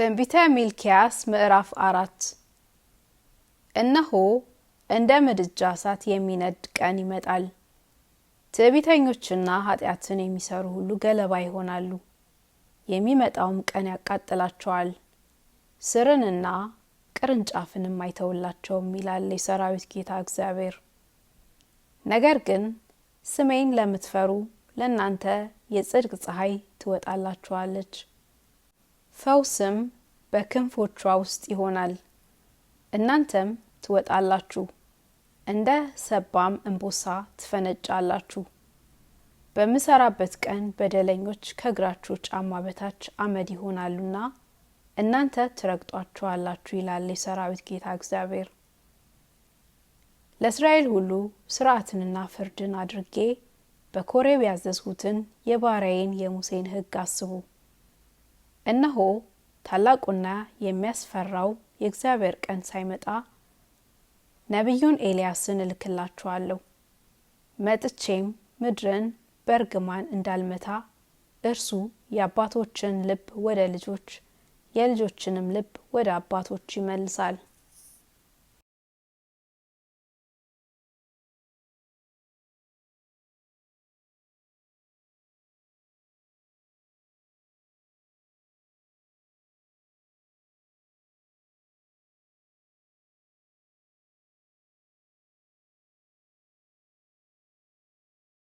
ትንቢተ ሚልኪያስ ምዕራፍ አራት እነሆ እንደ ምድጃ እሳት የሚነድ ቀን ይመጣል፣ ትዕቢተኞችና ኃጢአትን የሚሰሩ ሁሉ ገለባ ይሆናሉ። የሚመጣውም ቀን ያቃጥላቸዋል፣ ስርንና ቅርንጫፍንም አይተውላቸውም፣ ይላል የሰራዊት ጌታ እግዚአብሔር። ነገር ግን ስሜን ለምትፈሩ ለእናንተ የጽድቅ ፀሐይ ትወጣላችኋለች ፈውስም በክንፎቿ ውስጥ ይሆናል። እናንተም ትወጣላችሁ፣ እንደ ሰባም እንቦሳ ትፈነጫላችሁ። በምሰራበት ቀን በደለኞች ከእግራችሁ ጫማ በታች አመድ ይሆናሉና እናንተ ትረግጧችኋላችሁ፣ ይላል የሰራዊት ጌታ እግዚአብሔር። ለእስራኤል ሁሉ ስርዓትንና ፍርድን አድርጌ በኮሬብ ያዘዝሁትን የባሪያዬን የሙሴን ሕግ አስቡ። እነሆ ታላቁና የሚያስፈራው የእግዚአብሔር ቀን ሳይመጣ ነቢዩን ኤልያስን እልክላችኋለሁ። መጥቼም ምድርን በርግማን እንዳልመታ እርሱ የአባቶችን ልብ ወደ ልጆች የልጆችንም ልብ ወደ አባቶች ይመልሳል።